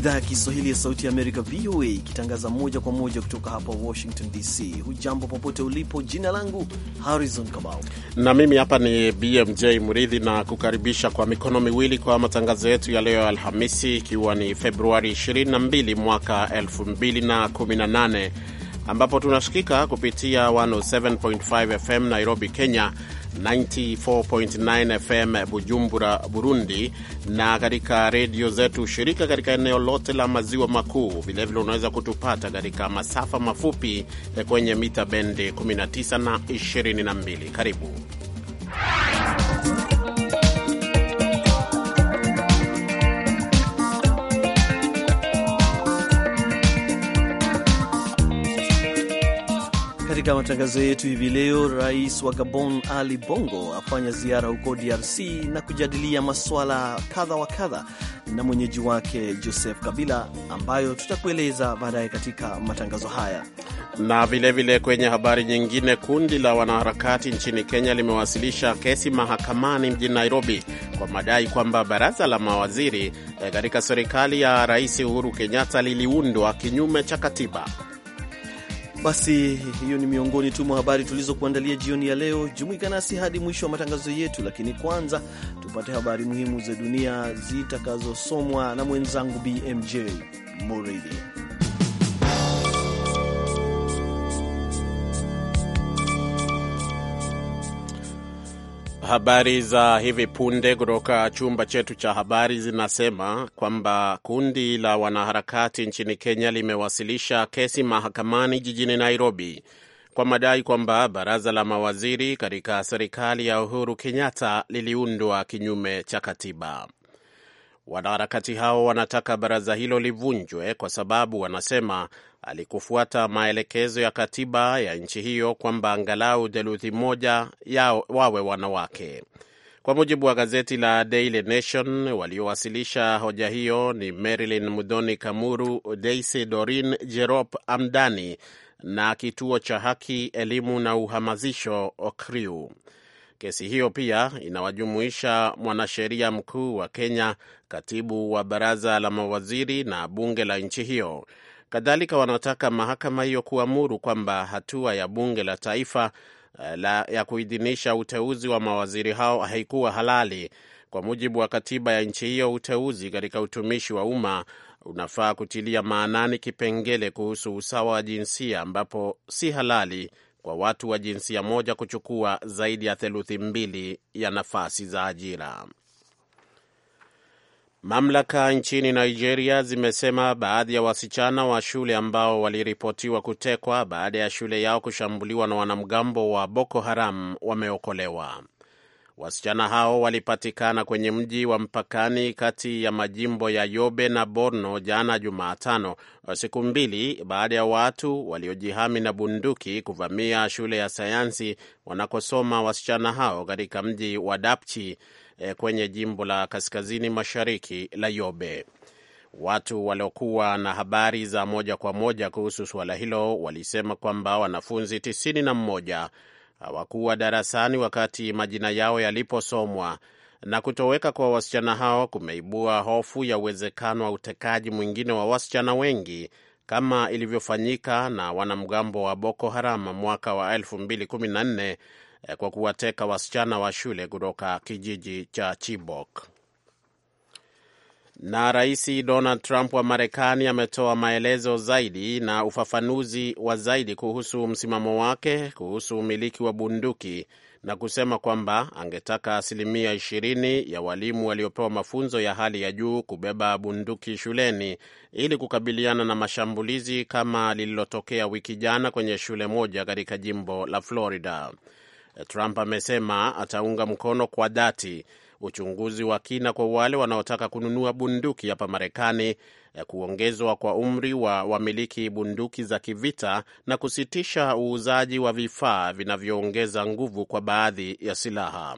idhaa ya Kiswahili ya Sauti ya Amerika, VOA, ikitangaza moja kwa moja kutoka hapa Washington DC. Hujambo popote ulipo, jina langu Harrison Kamau na mimi hapa ni BMJ Mridhi, na kukaribisha kwa mikono miwili kwa matangazo yetu ya leo Alhamisi, ikiwa ni Februari 22 mwaka 2018 ambapo tunasikika kupitia 107.5 FM Nairobi, Kenya 94.9 FM Bujumbura, Burundi, na katika redio zetu shirika katika eneo lote la maziwa makuu. Vilevile unaweza kutupata katika masafa mafupi kwenye mita bendi 19 na 22. Karibu Katika matangazo yetu hivi leo, rais wa Gabon Ali Bongo afanya ziara huko DRC na kujadilia masuala kadha wa kadha na mwenyeji wake Joseph Kabila, ambayo tutakueleza baadaye katika matangazo haya. Na vilevile vile kwenye habari nyingine, kundi la wanaharakati nchini Kenya limewasilisha kesi mahakamani mjini Nairobi kwa madai kwamba baraza la mawaziri eh, katika serikali ya Rais Uhuru Kenyatta liliundwa kinyume cha katiba. Basi hiyo ni miongoni tu mwa habari tulizokuandalia jioni ya leo. Jumuika nasi hadi mwisho wa matangazo yetu, lakini kwanza tupate habari muhimu za dunia zitakazosomwa na mwenzangu BMJ Muridhi. Habari za hivi punde kutoka chumba chetu cha habari zinasema kwamba kundi la wanaharakati nchini Kenya limewasilisha kesi mahakamani jijini Nairobi kwa madai kwamba baraza la mawaziri katika serikali ya Uhuru Kenyatta liliundwa kinyume cha katiba. Wanaharakati hao wanataka baraza hilo livunjwe kwa sababu wanasema alikufuata maelekezo ya katiba ya nchi hiyo kwamba angalau theluthi moja yao wawe wanawake. Kwa mujibu wa gazeti la Daily Nation, waliowasilisha hoja hiyo ni Marilyn mudoni Kamuru, Daisy Dorin Jerop Amdani na kituo cha haki, elimu na uhamazisho OKRIU. Kesi hiyo pia inawajumuisha mwanasheria mkuu wa Kenya, katibu wa baraza la mawaziri na bunge la nchi hiyo. Kadhalika wanataka mahakama hiyo kuamuru kwamba hatua ya bunge la taifa eh, la ya kuidhinisha uteuzi wa mawaziri hao haikuwa halali. Kwa mujibu wa katiba ya nchi hiyo, uteuzi katika utumishi wa umma unafaa kutilia maanani kipengele kuhusu usawa wa jinsia, ambapo si halali kwa watu wa jinsia moja kuchukua zaidi ya theluthi mbili ya nafasi za ajira. Mamlaka nchini Nigeria zimesema baadhi ya wasichana wa shule ambao waliripotiwa kutekwa baada ya shule yao kushambuliwa na wanamgambo wa Boko Haram wameokolewa. Wasichana hao walipatikana kwenye mji wa mpakani kati ya majimbo ya Yobe na Borno jana Jumatano, siku mbili baada ya watu waliojihami na bunduki kuvamia shule ya sayansi wanakosoma wasichana hao katika mji wa Dapchi Eh, kwenye jimbo la kaskazini mashariki la Yobe. Watu waliokuwa na habari za moja kwa moja kuhusu suala hilo walisema kwamba wanafunzi tisini na mmoja hawakuwa darasani wakati majina yao yaliposomwa, na kutoweka kwa wasichana hao kumeibua hofu ya uwezekano wa utekaji mwingine wa wasichana wengi kama ilivyofanyika na wanamgambo wa Boko Haram mwaka wa Eh, kwa kuwateka wasichana wa shule kutoka kijiji cha Chibok. Na Rais Donald Trump wa Marekani ametoa maelezo zaidi na ufafanuzi wa zaidi kuhusu msimamo wake kuhusu umiliki wa bunduki na kusema kwamba angetaka asilimia ishirini ya walimu waliopewa mafunzo ya hali ya juu kubeba bunduki shuleni ili kukabiliana na mashambulizi kama lililotokea wiki jana kwenye shule moja katika jimbo la Florida. Trump amesema ataunga mkono kwa dhati uchunguzi wa kina kwa wale wanaotaka kununua bunduki hapa Marekani, eh, kuongezwa kwa umri wa wamiliki bunduki za kivita na kusitisha uuzaji wa vifaa vinavyoongeza nguvu kwa baadhi ya silaha.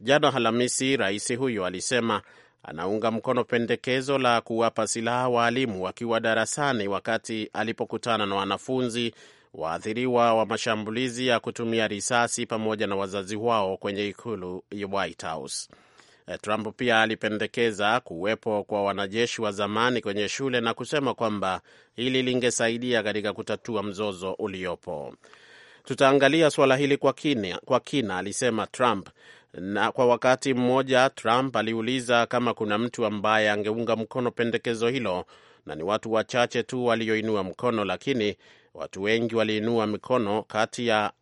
Jana Alhamisi, rais huyo alisema anaunga mkono pendekezo la kuwapa silaha waalimu wakiwa darasani wakati alipokutana na wanafunzi waathiriwa wa mashambulizi ya kutumia risasi pamoja na wazazi wao kwenye ikulu ya White House. Eh, Trump pia alipendekeza kuwepo kwa wanajeshi wa zamani kwenye shule na kusema kwamba hili lingesaidia katika kutatua mzozo uliopo. Tutaangalia suala hili kwa kina, kwa kina, alisema Trump. Na kwa wakati mmoja Trump aliuliza kama kuna mtu ambaye angeunga mkono pendekezo hilo, na ni watu wachache tu walioinua mkono, lakini watu wengi waliinua mikono, kati ya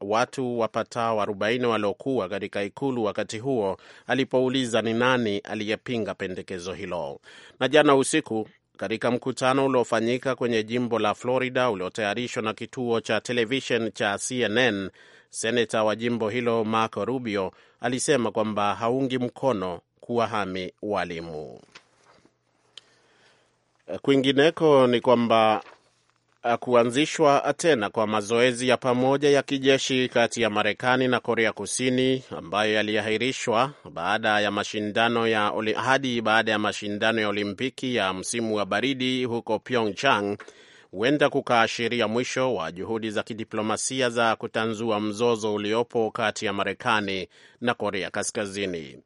watu wapatao 40 waliokuwa katika ikulu wakati huo alipouliza ni nani aliyepinga pendekezo hilo. Na jana usiku katika mkutano uliofanyika kwenye jimbo la Florida uliotayarishwa na kituo cha televishen cha CNN, seneta wa jimbo hilo Marco Rubio alisema kwamba haungi mkono kuwahami walimu. Kwingineko ni kwamba Uh, kuanzishwa tena kwa mazoezi ya pamoja ya kijeshi kati ya Marekani na Korea Kusini ambayo yaliahirishwa baada ya mashindano ya hadi baada ya mashindano ya Olimpiki ya msimu wa baridi huko Pyeongchang huenda kukaashiria mwisho wa juhudi za kidiplomasia za kutanzua mzozo uliopo kati ya Marekani na Korea Kaskazini.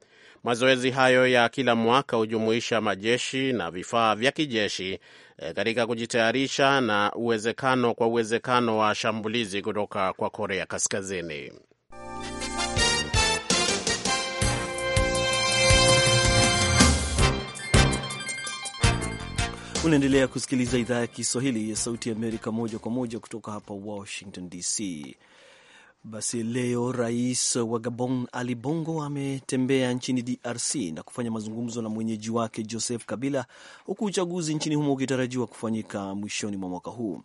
Mazoezi hayo ya kila mwaka hujumuisha majeshi na vifaa vya kijeshi e, katika kujitayarisha na uwezekano kwa uwezekano wa shambulizi kutoka kwa Korea Kaskazini. Unaendelea kusikiliza idhaa ya Kiswahili ya Sauti ya Amerika moja kwa moja kutoka hapa Washington DC. Basi leo rais wa Gabon Ali Bongo ametembea nchini DRC na kufanya mazungumzo na mwenyeji wake Joseph Kabila, huku uchaguzi nchini humo ukitarajiwa kufanyika mwishoni mwa mwaka huu.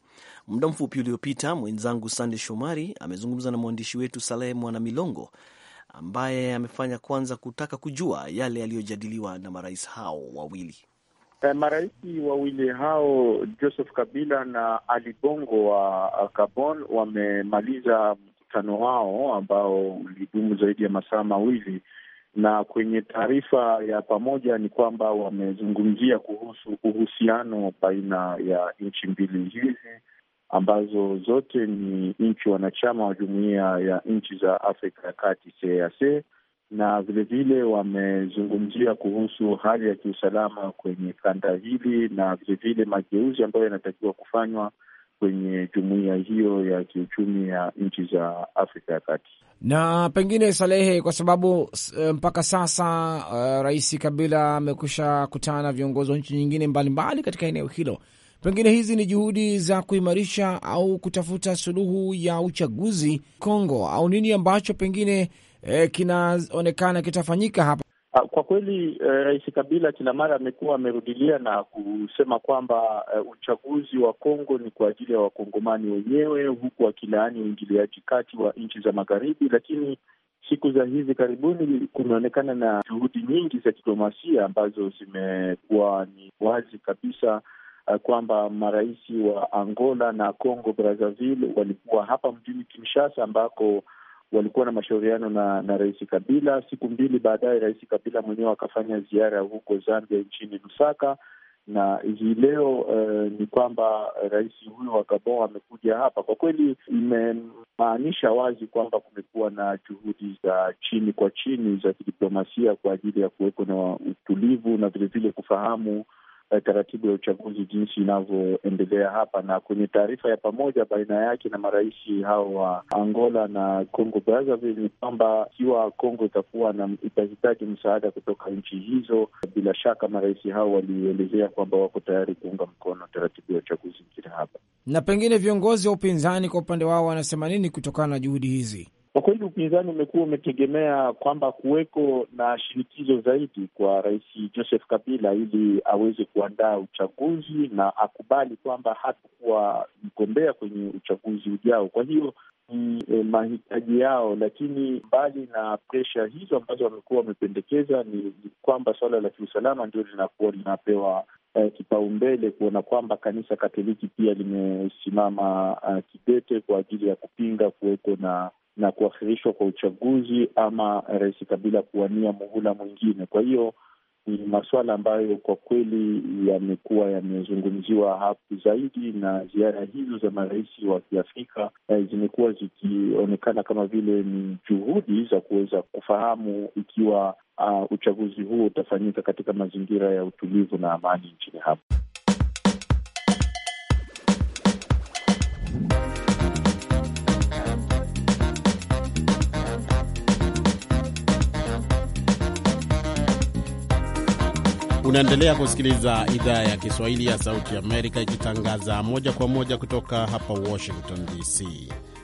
Muda mfupi uliopita, mwenzangu Sande Shomari amezungumza na mwandishi wetu Saleh Mwana Milongo ambaye amefanya kwanza kutaka kujua yale yaliyojadiliwa na marais hao wawili. Eh, marais wawili hao Joseph Kabila na Ali Bongo wa Gabon wamemaliza mkutano wao ambao ulidumu zaidi ya masaa mawili, na kwenye taarifa ya pamoja ni kwamba wamezungumzia kuhusu uhusiano baina ya nchi mbili hizi ambazo zote ni nchi wanachama wa jumuiya ya nchi za Afrika ya Kati, CEEAC, na vilevile wamezungumzia kuhusu hali ya kiusalama kwenye kanda hili na vilevile mageuzi ambayo yanatakiwa kufanywa kwenye jumuiya hiyo ya kiuchumi ya nchi za Afrika ya Kati. Na pengine Salehe, kwa sababu eh, mpaka sasa uh, Rais Kabila amekwisha kutana na viongozi wa nchi nyingine mbalimbali mbali katika eneo hilo, pengine hizi ni juhudi za kuimarisha au kutafuta suluhu ya uchaguzi Kongo, au nini ambacho pengine eh, kinaonekana kitafanyika hapa? Ah, kwa kweli eh, Rais Kabila kila mara amekuwa amerudilia na kusema kwamba eh, uchaguzi wa Kongo ni kwa ajili ya wakongomani wenyewe, huku akilaani uingiliaji kati wa nchi za magharibi. Lakini siku za hivi karibuni kumeonekana na juhudi nyingi za diplomasia ambazo zimekuwa ni wazi kabisa eh, kwamba marais wa Angola na Congo Brazzaville walikuwa hapa mjini Kinshasa ambako walikuwa na mashauriano na, na Rais Kabila. Siku mbili baadaye, Rais Kabila mwenyewe akafanya ziara huko Zambia, nchini Lusaka, na hii leo uh, ni kwamba rais huyo wa Gabon amekuja hapa. Kwa kweli imemaanisha wazi kwamba kumekuwa na juhudi za chini kwa chini za kidiplomasia kwa ajili ya kuweko na utulivu na vilevile kufahamu eh, taratibu ya uchaguzi jinsi inavyoendelea hapa, na kwenye taarifa ya pamoja baina yake na marais hao wa Angola na Congo Brazzaville ni kwamba ikiwa Congo itakuwa na itahitaji msaada kutoka nchi hizo, bila shaka marais hao walielezea kwamba wako tayari kuunga mkono taratibu ya uchaguzi nchini hapa. Na pengine viongozi wa upinzani kwa upande wao wanasema nini kutokana na juhudi hizi? Kwa kweli upinzani umekuwa umetegemea kwamba kuweko na shinikizo zaidi kwa Rais Joseph Kabila ili aweze kuandaa uchaguzi na akubali kwamba hatakuwa mgombea kwenye uchaguzi ujao. Kwa hiyo ni e, mahitaji yao, lakini mbali na presha hizo ambazo wamekuwa wamependekeza ni, ni kwamba suala la kiusalama ndio linakuwa linapewa eh, kipaumbele kuona kwamba kanisa Katoliki pia limesimama uh, kidete kwa ajili ya kupinga kuweko na na kuahirishwa kwa uchaguzi ama Rais Kabila kuwania muhula mwingine. Kwa hiyo ni masuala ambayo kwa kweli yamekuwa yamezungumziwa hapo zaidi, na ziara hizo za marais wa Kiafrika eh, zimekuwa zikionekana kama vile ni juhudi za kuweza kufahamu ikiwa uh, uchaguzi huo utafanyika katika mazingira ya utulivu na amani nchini hapo. Unaendelea kusikiliza idhaa ya Kiswahili ya Sauti Amerika ikitangaza moja kwa moja kutoka hapa Washington DC.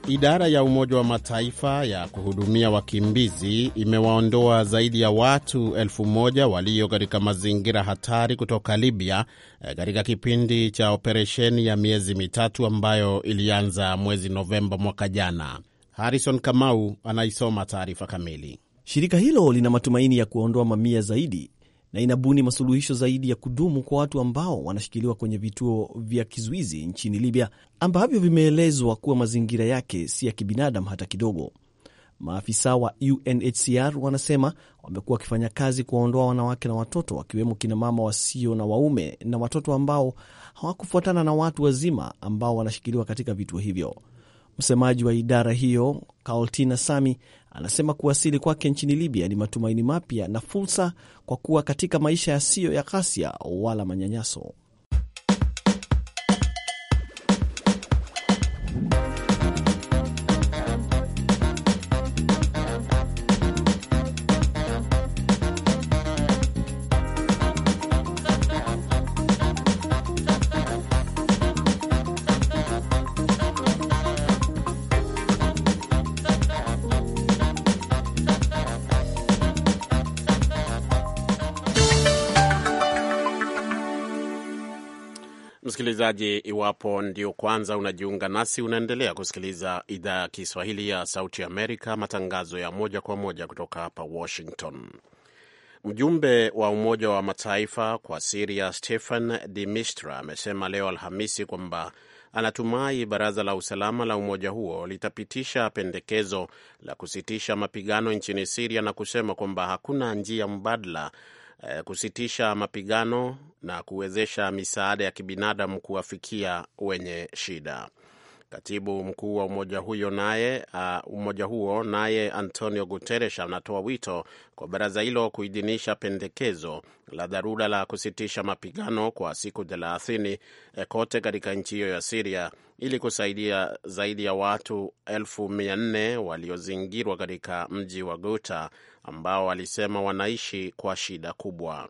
Idara ya Umoja wa Mataifa ya kuhudumia wakimbizi imewaondoa zaidi ya watu elfu moja walio katika mazingira hatari kutoka Libya eh, katika kipindi cha operesheni ya miezi mitatu ambayo ilianza mwezi Novemba mwaka jana. Harrison Kamau anaisoma taarifa kamili. Shirika hilo lina matumaini ya kuwaondoa mamia zaidi na inabuni masuluhisho zaidi ya kudumu kwa watu ambao wanashikiliwa kwenye vituo vya kizuizi nchini Libya ambavyo vimeelezwa kuwa mazingira yake si ya kibinadamu hata kidogo. Maafisa wa UNHCR wanasema wamekuwa wakifanya kazi kuwaondoa wanawake na watoto wakiwemo kinamama wasio na waume na watoto ambao hawakufuatana na watu wazima ambao wanashikiliwa katika vituo hivyo. Msemaji wa idara hiyo Kaltina Sami anasema kuwasili kwake nchini Libya ni matumaini mapya na fursa kwa kuwa katika maisha yasiyo ya ghasia wala manyanyaso. msikilizaji, iwapo ndio kwanza unajiunga nasi, unaendelea kusikiliza idhaa ya Kiswahili ya Sauti Amerika, matangazo ya moja kwa moja kutoka hapa Washington. Mjumbe wa Umoja wa Mataifa kwa Siria Stephen de amesema leo Alhamisi kwamba anatumai baraza la usalama la umoja huo litapitisha pendekezo la kusitisha mapigano nchini Siria na kusema kwamba hakuna njia mbadala Eh, kusitisha mapigano na kuwezesha misaada ya kibinadamu kuwafikia wenye shida. Katibu mkuu wa umoja huo naye uh, umoja huo naye Antonio Guterres anatoa wito kwa baraza hilo kuidhinisha pendekezo la dharura la kusitisha mapigano kwa siku thelathini eh, kote katika nchi hiyo ya Siria ili kusaidia zaidi ya watu elfu mia nne waliozingirwa katika mji wa Guta ambao walisema wanaishi kwa shida kubwa.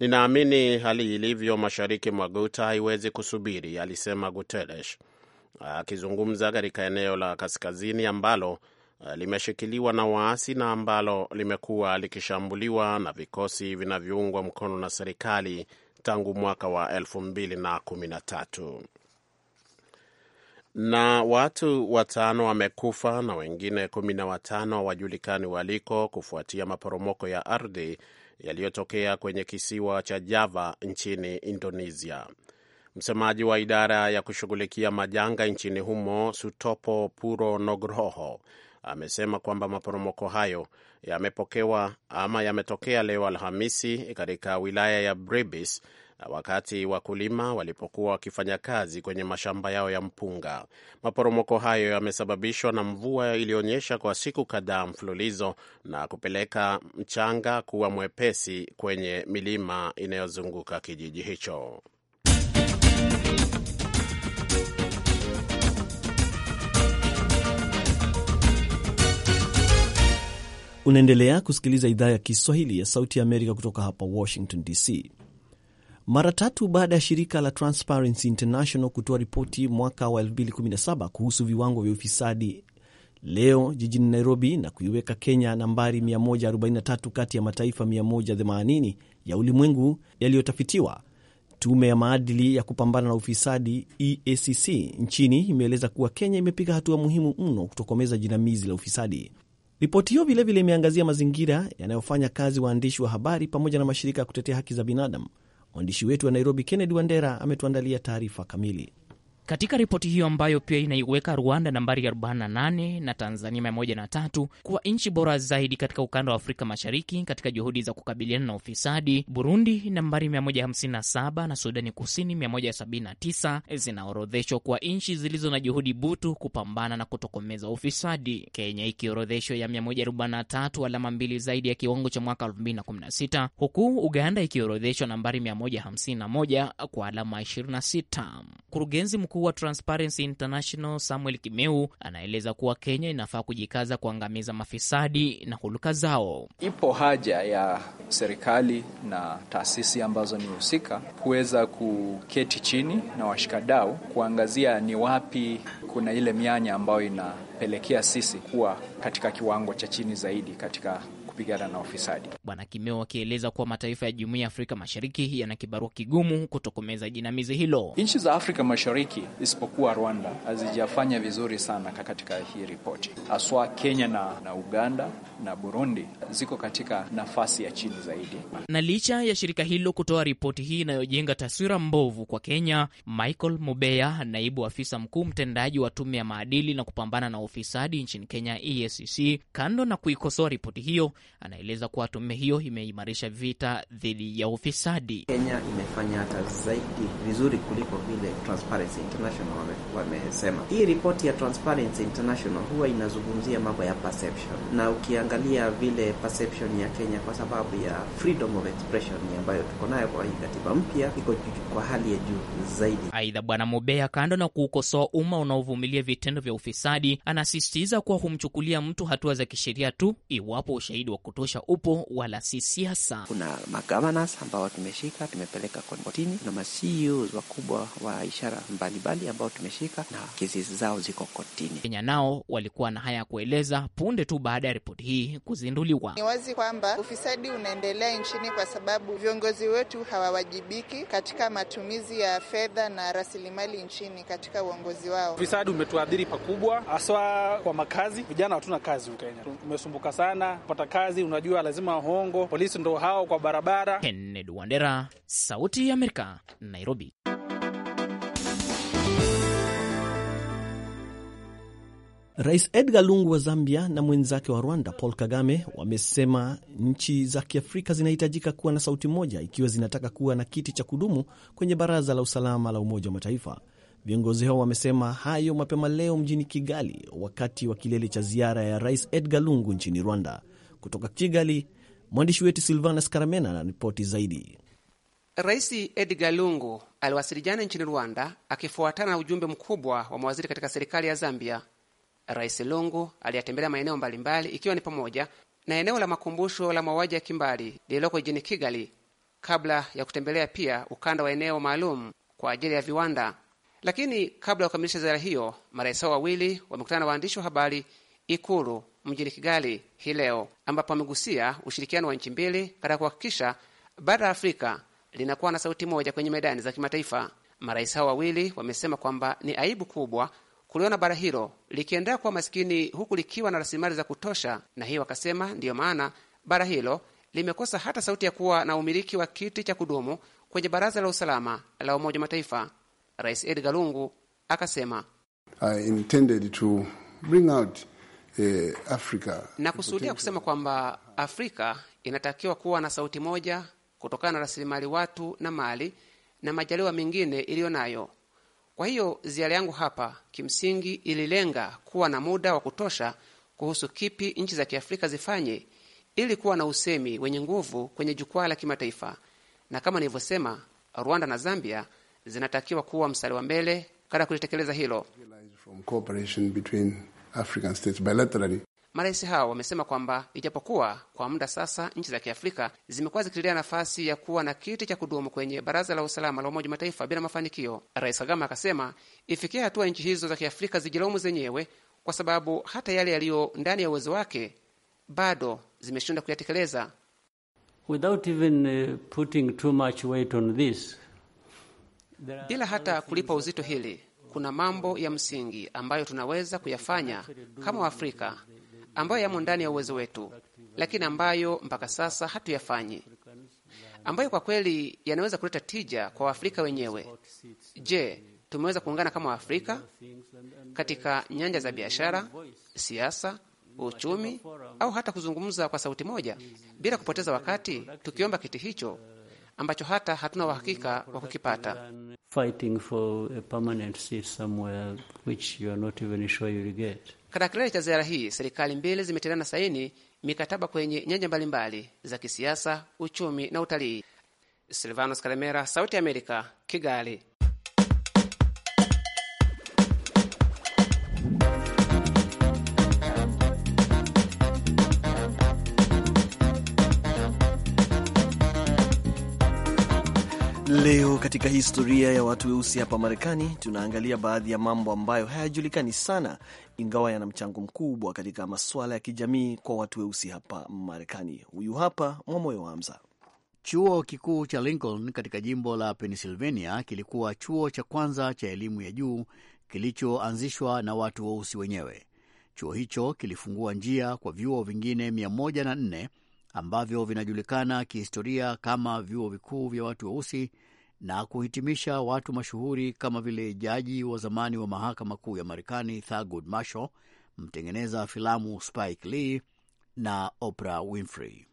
Ninaamini hali ilivyo mashariki mwa Guta haiwezi kusubiri, alisema Guterres akizungumza katika eneo la kaskazini ambalo eh, limeshikiliwa na waasi na ambalo limekuwa likishambuliwa na vikosi vinavyoungwa mkono na serikali tangu mwaka wa elfu na na Na watu watano wamekufa na wengine kumi na watano hawajulikani waliko kufuatia maporomoko ya ardhi yaliyotokea kwenye kisiwa cha Java nchini Indonesia. Msemaji wa idara ya kushughulikia majanga nchini humo Sutopo Puro nogroho amesema kwamba maporomoko hayo yamepokewa ama yametokea leo Alhamisi katika wilaya ya Bribis wakati wakulima walipokuwa wakifanya kazi kwenye mashamba yao ya mpunga. Maporomoko hayo yamesababishwa na mvua iliyonyesha kwa siku kadhaa mfululizo na kupeleka mchanga kuwa mwepesi kwenye milima inayozunguka kijiji hicho. Unaendelea kusikiliza idhaa ya Kiswahili ya Sauti ya Amerika kutoka hapa Washington DC. Mara tatu baada ya shirika la Transparency International kutoa ripoti mwaka wa 2017 kuhusu viwango vya ufisadi leo jijini Nairobi na kuiweka Kenya nambari 143 kati ya mataifa 180 ya ulimwengu yaliyotafitiwa. Tume ya maadili ya kupambana na ufisadi EACC nchini imeeleza kuwa Kenya imepiga hatua muhimu mno kutokomeza jinamizi la ufisadi. Ripoti hiyo vilevile imeangazia mazingira yanayofanya kazi waandishi wa habari pamoja na mashirika ya kutetea haki za binadamu. Mwandishi wetu wa Nairobi, Kennedy Wandera, ametuandalia taarifa kamili. Katika ripoti hiyo ambayo pia inaiweka Rwanda nambari 48 na Tanzania 103 kuwa nchi bora zaidi katika ukanda wa Afrika Mashariki katika juhudi za kukabiliana na ufisadi, Burundi nambari 157 na Sudani Kusini 179 zinaorodheshwa kuwa nchi zilizo na juhudi butu kupambana na kutokomeza ufisadi, Kenya ikiorodheshwa ya 143, alama mbili zaidi ya kiwango cha mwaka 2016, huku Uganda ikiorodheshwa nambari 151 kwa alama 26. Mkurugenzi mkuu mkuu wa Transparency International Samuel Kimeu anaeleza kuwa Kenya inafaa kujikaza kuangamiza mafisadi na huluka zao. Ipo haja ya serikali na taasisi ambazo ni husika kuweza kuketi chini na washikadau kuangazia ni wapi kuna ile mianya ambayo inapelekea sisi kuwa katika kiwango cha chini zaidi katika kupigana na ufisadi. Bwana Kimeo akieleza kuwa mataifa ya Jumuiya ya Afrika Mashariki yana kibarua kigumu kutokomeza jinamizi hilo. Nchi za Afrika Mashariki isipokuwa Rwanda hazijafanya vizuri sana katika hii ripoti, haswa Kenya na, na Uganda na Burundi ziko katika nafasi ya chini zaidi. Na licha ya shirika hilo kutoa ripoti hii inayojenga taswira mbovu kwa Kenya, Michael Mubeya, naibu afisa mkuu mtendaji wa tume ya maadili na kupambana na ufisadi nchini Kenya EACC, kando na kuikosoa ripoti hiyo, anaeleza kuwa tume hiyo imeimarisha vita dhidi ya ufisadi. Kenya imefanya hata zaidi vizuri kuliko vile Transparency International wamesema. Hii ripoti ya Transparency International huwa inazungumzia mambo ya perception, na ukiangalia vile perception ya Kenya kwa sababu ya freedom of expression ambayo tuko nayo kwa hii katiba mpya iko kwa hali ya juu zaidi. Aidha, Bwana Mobea, kando na kuukosoa umma unaovumilia vitendo vya ufisadi, anasisitiza kuwa humchukulia mtu hatua za kisheria tu iwapo ushahidi wa wa kutosha upo, wala si siasa. Kuna magavanas ambao tumeshika tumepeleka kotini, kuna ma e wakubwa wa ishara mbalimbali ambao tumeshika na kesi zao ziko kotini. Kenya nao walikuwa na haya ya kueleza punde tu baada ya ripoti hii kuzinduliwa. Ni wazi kwamba ufisadi unaendelea nchini kwa sababu viongozi wetu hawawajibiki katika matumizi ya fedha na rasilimali nchini katika uongozi wao. Ufisadi umetuadhiri pakubwa, haswa kwa makazi. Vijana hatuna kazi, Ukenya umesumbuka sana kupata kazi kazi, unajua lazima hongo, polisi ndo hao kwa barabara. Kennedy Wandera, Sauti ya Amerika, Nairobi. Rais Edgar Lungu wa Zambia na mwenzake wa Rwanda Paul Kagame wamesema nchi za Kiafrika zinahitajika kuwa na sauti moja ikiwa zinataka kuwa na kiti cha kudumu kwenye Baraza la Usalama la Umoja wa Mataifa. Viongozi hao wamesema hayo mapema leo mjini Kigali wakati wa kilele cha ziara ya Rais Edgar Lungu nchini Rwanda. Kutoka Kigali, mwandishi wetu Silvanus Karamena anaripoti zaidi. Rais Edgar Lungu aliwasili jana nchini Rwanda akifuatana na ujumbe mkubwa wa mawaziri katika serikali ya Zambia. Rais Lungu aliyatembelea maeneo mbalimbali ikiwa ni pamoja na eneo la makumbusho la mauaji ya kimbali lililoko jijini Kigali, kabla ya kutembelea pia ukanda wa eneo maalum kwa ajili ya viwanda. Lakini kabla ya kukamilisha ziara hiyo, marais hao wawili wamekutana na waandishi wa habari Ikulu mjini Kigali hii leo, ambapo amegusia ushirikiano wa nchi mbili katika kuhakikisha bara la Afrika linakuwa na sauti moja kwenye medani za kimataifa. Marais hao wawili wamesema kwamba ni aibu kubwa kuliona bara hilo likiendelea kuwa masikini huku likiwa na rasilimali za kutosha, na hiyo wakasema ndiyo maana bara hilo limekosa hata sauti ya kuwa na umiliki wa kiti cha kudumu kwenye Baraza la Usalama la Umoja wa Mataifa. Rais Edgar Lungu akasema I eh, Afrika. Nakusudia kusema kwamba Afrika inatakiwa kuwa na sauti moja kutokana na rasilimali watu na mali na majaliwa mengine iliyo nayo. Kwa hiyo ziara yangu hapa kimsingi ililenga kuwa na muda wa kutosha kuhusu kipi nchi za Kiafrika zifanye ili kuwa na usemi wenye nguvu kwenye jukwaa la kimataifa. Na kama nilivyosema, Rwanda na Zambia zinatakiwa kuwa mstari wa mbele katika kulitekeleza hilo. African states bilaterally. Marais hao wamesema kwamba ijapokuwa kwa muda sasa nchi za Kiafrika zimekuwa zikitilia nafasi ya kuwa na kiti cha kudumu kwenye Baraza la Usalama la Umoja Mataifa bila mafanikio, Rais Kagame akasema ifikia hatua nchi hizo za Kiafrika zijilaumu zenyewe kwa sababu hata yale yaliyo ndani ya uwezo wake bado zimeshindwa kuyatekeleza. Uh, bila hata kulipa uzito hili kuna mambo ya msingi ambayo tunaweza kuyafanya kama Waafrika ambayo yamo ndani ya uwezo wetu, lakini ambayo mpaka sasa hatuyafanyi, ambayo kwa kweli yanaweza kuleta tija kwa Waafrika wenyewe. Je, tumeweza kuungana kama Waafrika katika nyanja za biashara, siasa, uchumi au hata kuzungumza kwa sauti moja bila kupoteza wakati tukiomba kiti hicho ambacho hata hatuna uhakika wa kukipata. Katika kilele cha ziara hii, serikali mbili zimetendana saini mikataba kwenye nyanja mbalimbali za kisiasa, uchumi na utalii. Silvanos Kalemera, Sauti ya Amerika, Kigali. Leo katika historia ya watu weusi hapa Marekani, tunaangalia baadhi ya mambo ambayo hayajulikani sana, ingawa yana mchango mkubwa katika masuala ya kijamii kwa watu weusi hapa Marekani. Huyu hapa Mwamoyo Hamza. Chuo kikuu cha Lincoln katika jimbo la Pennsylvania kilikuwa chuo cha kwanza cha elimu ya juu kilichoanzishwa na watu weusi wenyewe. Chuo hicho kilifungua njia kwa vyuo vingine 104 ambavyo vinajulikana kihistoria kama vyuo vikuu vya watu weusi na kuhitimisha watu mashuhuri kama vile jaji wa zamani wa mahakama kuu ya Marekani Thurgood Marshall, mtengeneza filamu Spike Lee na Oprah Winfrey.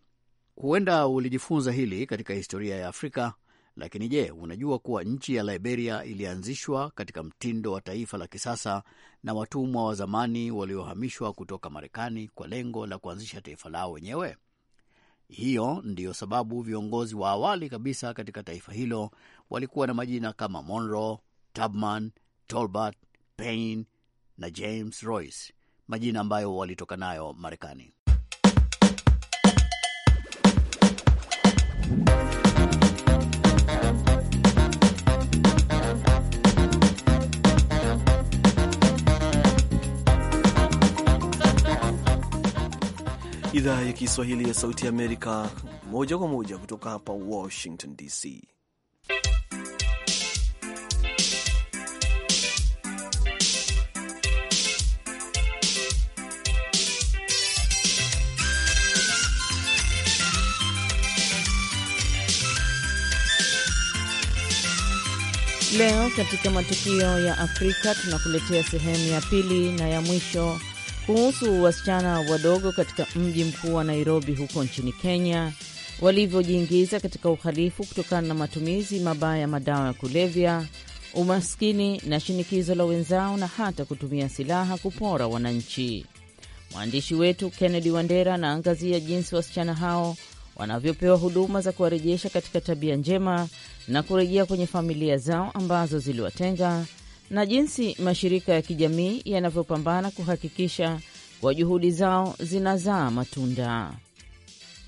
Huenda ulijifunza hili katika historia ya Afrika, lakini je, unajua kuwa nchi ya Liberia ilianzishwa katika mtindo wa taifa la kisasa na watumwa wa zamani waliohamishwa kutoka Marekani kwa lengo la kuanzisha taifa lao wenyewe? Hiyo ndiyo sababu viongozi wa awali kabisa katika taifa hilo walikuwa na majina kama Monroe, Tubman, Tolbert, Paine na James Royce, majina ambayo walitoka nayo Marekani. Idhaa ya Kiswahili ya Sauti ya Amerika, moja kwa moja kutoka hapa Washington DC. Leo katika matukio ya Afrika tunakuletea sehemu ya pili na ya mwisho kuhusu wasichana wadogo katika mji mkuu wa Nairobi huko nchini Kenya walivyojiingiza katika uhalifu kutokana na matumizi mabaya ya madawa ya kulevya, umaskini na shinikizo la wenzao na hata kutumia silaha kupora wananchi. Mwandishi wetu Kennedy Wandera anaangazia jinsi wasichana hao wanavyopewa huduma za kuwarejesha katika tabia njema na kurejea kwenye familia zao ambazo ziliwatenga na jinsi mashirika ya kijamii yanavyopambana kuhakikisha kwa juhudi zao zinazaa matunda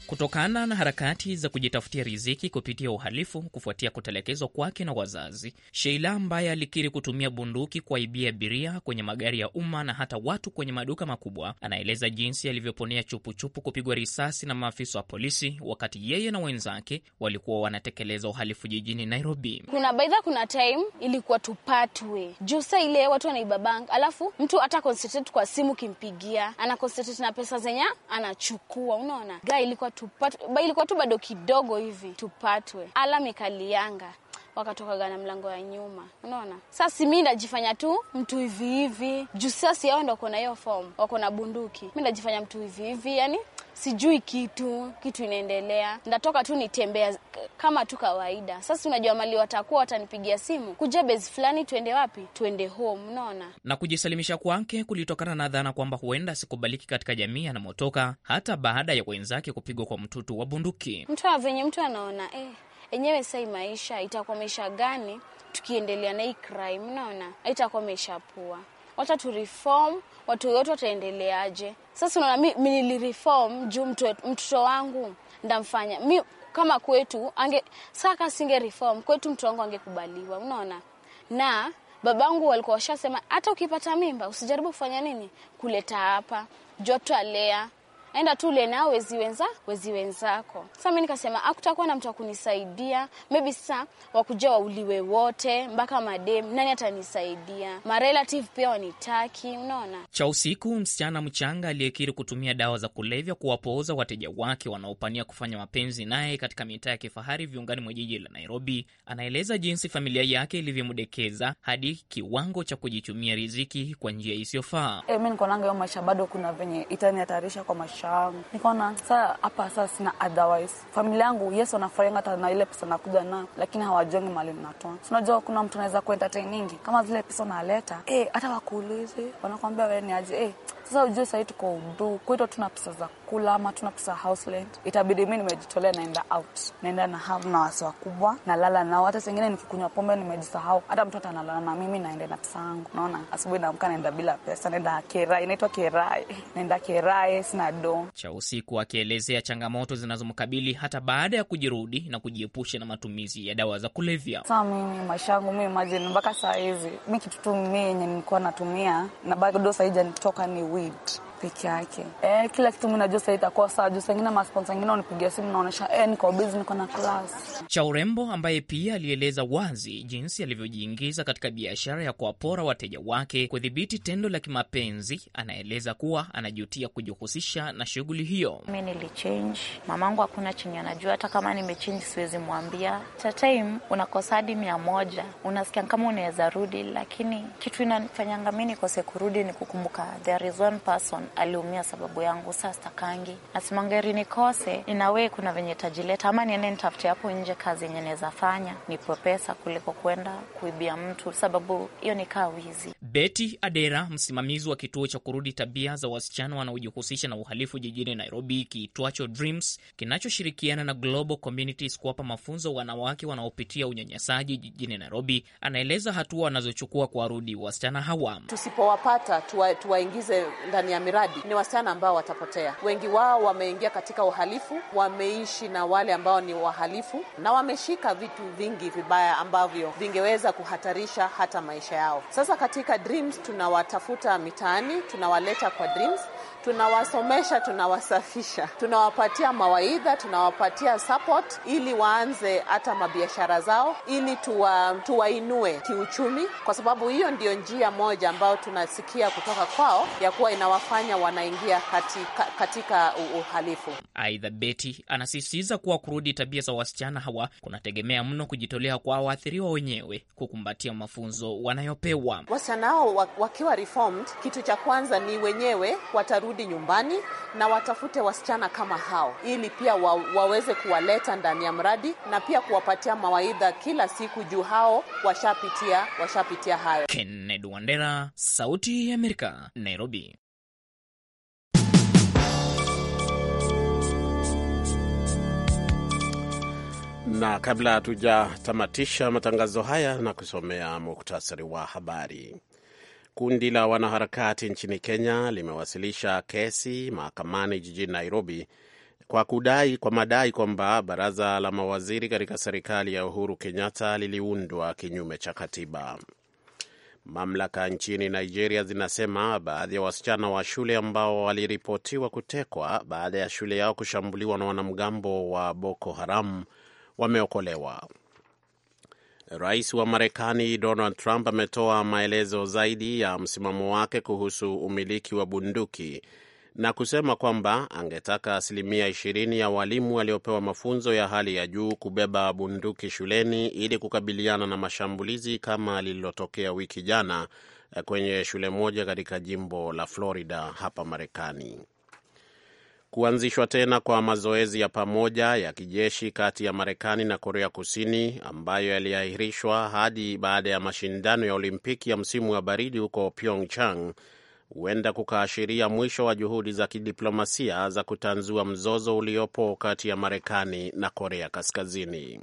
kutokana na harakati za kujitafutia riziki kupitia uhalifu kufuatia kutelekezwa kwake na wazazi. Sheila ambaye alikiri kutumia bunduki kuwaibia abiria kwenye magari ya umma na hata watu kwenye maduka makubwa, anaeleza jinsi alivyoponea chupuchupu kupigwa risasi na maafisa wa polisi wakati yeye na wenzake walikuwa wanatekeleza uhalifu jijini Nairobi. Kuna baidha, kuna time ilikuwa tupatwe juu saa ile watu wanaibabanga, alafu mtu hata concentrate kwa simu kimpigia, ana concentrate na pesa zenye anachukua, unaona ilikuwa tupatwe, ilikuwa tu bado kidogo hivi tupatwe. Alam ikalianga wakatokaga na mlango ya nyuma, unaona. Sasa si mi najifanya tu mtu hivi hivi juu sasa yao ndo wako na hiyo fomu, wako na bunduki. Mi najifanya mtu hivi hivi, yani sijui kitu kitu inaendelea, ndatoka tu nitembea kama tu kawaida. Sasa unajua mali watakuwa watanipigia simu kuja bezi fulani, tuende wapi? Tuende home, unaona. Na kujisalimisha kwake kulitokana na dhana kwamba huenda sikubaliki katika jamii anamotoka, hata baada ya wenzake kupigwa kwa mtutu wa bunduki. Mtu wa venye mtu anaona eh, enyewe sai maisha itakuwa maisha gani tukiendelea na hii crime? Naona itakuwa maisha poa. Wacha tu reform, watu wote wataendeleaje? Sasa unaona, mi nilireform juu mtoto wangu ndamfanya mi kama kwetu ange saka singe reform kwetu, mtoto wangu angekubaliwa, unaona na babangu walikuwa washasema hata ukipata mimba usijaribu kufanya nini kuleta hapa joto alea enda tu ule nao wezi wenza wezi wenzako. Sasa mimi nikasema akutakuwa ah, na mtu akunisaidia, maybe sasa wakuja wauliwe wote mpaka madem, nani atanisaidia? relative pia wanitaki, unaona. Cha usiku, msichana mchanga aliyekiri kutumia dawa za kulevya kuwapooza wateja wake wanaopania kufanya mapenzi naye katika mitaa ya kifahari viungani mwa jiji la Nairobi, anaeleza jinsi familia yake ilivyomdekeza hadi kiwango cha kujichumia riziki kwa njia isiyofaa. Hey, eh, mimi niko nanga hiyo maisha bado kuna venye itanihatarisha kwa maisha maisha yangu. Nikaona saa hapa sasa sina otherwise. Familia yangu yes, wanafurahianga hata na ile pesa nakuja na lakini hawajongi mali natoa Unajua kuna mtu anaweza nyingi kama zile pesa unaleta, eh, hata wakuulizi wanakwambia wewe ni aje, eh sasa ujue sahi tuko udu kwetu, tuna pesa za kula ama tuna pesa ya house rent, itabidi mi nimejitolea, naenda out, naenda na hav na wasi wakubwa, nalala nao. Hata sengine nikikunywa pombe nimejisahau, hata mtoto analala na mimi, naenda na pesa yangu. Naona asubuhi naamka, naenda bila pesa, naenda kerai, inaitwa kerai, naenda kerai, sina do cha usiku. Akielezea changamoto zinazomkabili hata baada ya kujirudi na kujiepusha na matumizi ya dawa za kulevya. Saa mimi maisha yangu mi imajini mpaka saa hizi mi kitutu mi yenye nilikuwa natumia na bado sahijanitoka ni weed. peke yake. Eh, kila kitu mimi najua sasa itakuwa sawa juu sengine masponsa wengine wanipigia simu naonesha eh, niko busy niko na class. Cha Urembo ambaye pia alieleza wazi jinsi alivyojiingiza katika biashara ya kuwapora wateja wake kudhibiti tendo la kimapenzi, anaeleza kuwa anajutia kujihusisha na shughuli hiyo. Mimi nilichange, mamangu hakuna chenye anajua, hata kama nimechange siwezi mwambia. Cha time unakosa hadi mia moja unasikia kama unaweza rudi, lakini kitu inanifanyanga mimi nikose kurudi ni kukumbuka there is one person aliumia sababu yangu, sasa sitakangi. Nasimanga nikose inawe kuna venye tajileta ama niende nitafute hapo nje kazi yenye naweza fanya nipwe pesa kuliko kwenda kuibia mtu, sababu hiyo ni kaa wizi. Betty Adera, msimamizi wa kituo cha kurudi tabia za wasichana wanaojihusisha na uhalifu jijini Nairobi kiitwacho Dreams kinachoshirikiana na Global Communities kuwapa mafunzo wanawake wanaopitia unyanyasaji jijini Nairobi, anaeleza hatua wanazochukua kuwarudi wasichana hawa. Tusipowapata tuwaingize tuwa ndani ya miradi ni wasichana ambao watapotea. Wengi wao wameingia katika uhalifu, wameishi na wale ambao ni wahalifu na wameshika vitu vingi vibaya ambavyo vingeweza kuhatarisha hata maisha yao. Sasa katika Dreams tunawatafuta mitaani, tunawaleta kwa Dreams tunawasomesha, tunawasafisha, tunawapatia mawaidha, tunawapatia support ili waanze hata mabiashara zao, ili tuwa, tuwainue kiuchumi, kwa sababu hiyo ndio njia moja ambayo tunasikia kutoka kwao ya kuwa inawafanya wanaingia katika, katika uhalifu. Aidha, Beti anasisitiza kuwa kurudi tabia za wasichana hawa kunategemea mno kujitolea kwa waathiriwa wenyewe kukumbatia mafunzo wanayopewa. Wasichana hao wakiwa reformed, kitu cha kwanza ni wenyewe watarudi warudi nyumbani na watafute wasichana kama hao, ili pia wa, waweze kuwaleta ndani ya mradi na pia kuwapatia mawaidha kila siku juu hao washapitia washapitia hayo. Kenneth Wandera, Sauti ya Amerika, Nairobi. Na kabla hatujatamatisha matangazo haya na kusomea muktasari wa habari. Kundi la wanaharakati nchini Kenya limewasilisha kesi mahakamani jijini Nairobi kwa kudai, kwa madai kwamba baraza la mawaziri katika serikali ya Uhuru Kenyatta liliundwa kinyume cha katiba. Mamlaka nchini Nigeria zinasema baadhi ya wasichana wa shule ambao waliripotiwa kutekwa baada ya shule yao kushambuliwa na wanamgambo wa Boko Haram wameokolewa. Rais wa Marekani Donald Trump ametoa maelezo zaidi ya msimamo wake kuhusu umiliki wa bunduki na kusema kwamba angetaka asilimia ishirini ya walimu waliopewa mafunzo ya hali ya juu kubeba bunduki shuleni ili kukabiliana na mashambulizi kama lililotokea wiki jana kwenye shule moja katika jimbo la Florida hapa Marekani kuanzishwa tena kwa mazoezi ya pamoja ya kijeshi kati ya Marekani na Korea Kusini ambayo yaliahirishwa hadi baada ya mashindano ya Olimpiki ya msimu wa baridi huko Pyeongchang huenda kukaashiria mwisho wa juhudi za kidiplomasia za kutanzua mzozo uliopo kati ya Marekani na Korea Kaskazini.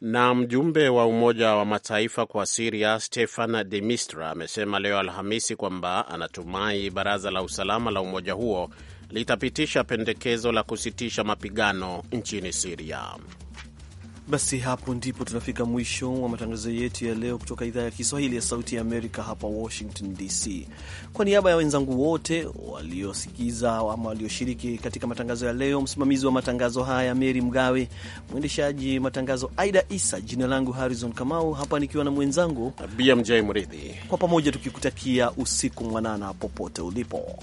Na mjumbe wa Umoja wa Mataifa kwa Siria Stefan de Mistura amesema leo Alhamisi kwamba anatumai baraza la usalama la umoja huo litapitisha pendekezo la kusitisha mapigano nchini Siria. Basi hapo ndipo tunafika mwisho wa matangazo yetu ya leo kutoka idhaa ya Kiswahili ya Sauti ya Amerika hapa Washington DC. Kwa niaba ya wenzangu wote waliosikiza ama walioshiriki katika matangazo ya leo, msimamizi wa matangazo haya Meri Mgawe, mwendeshaji matangazo Aida Isa, jina langu Harrison Kamau, hapa nikiwa na mwenzangu BMJ Mridhi, kwa pamoja tukikutakia usiku mwanana popote ulipo.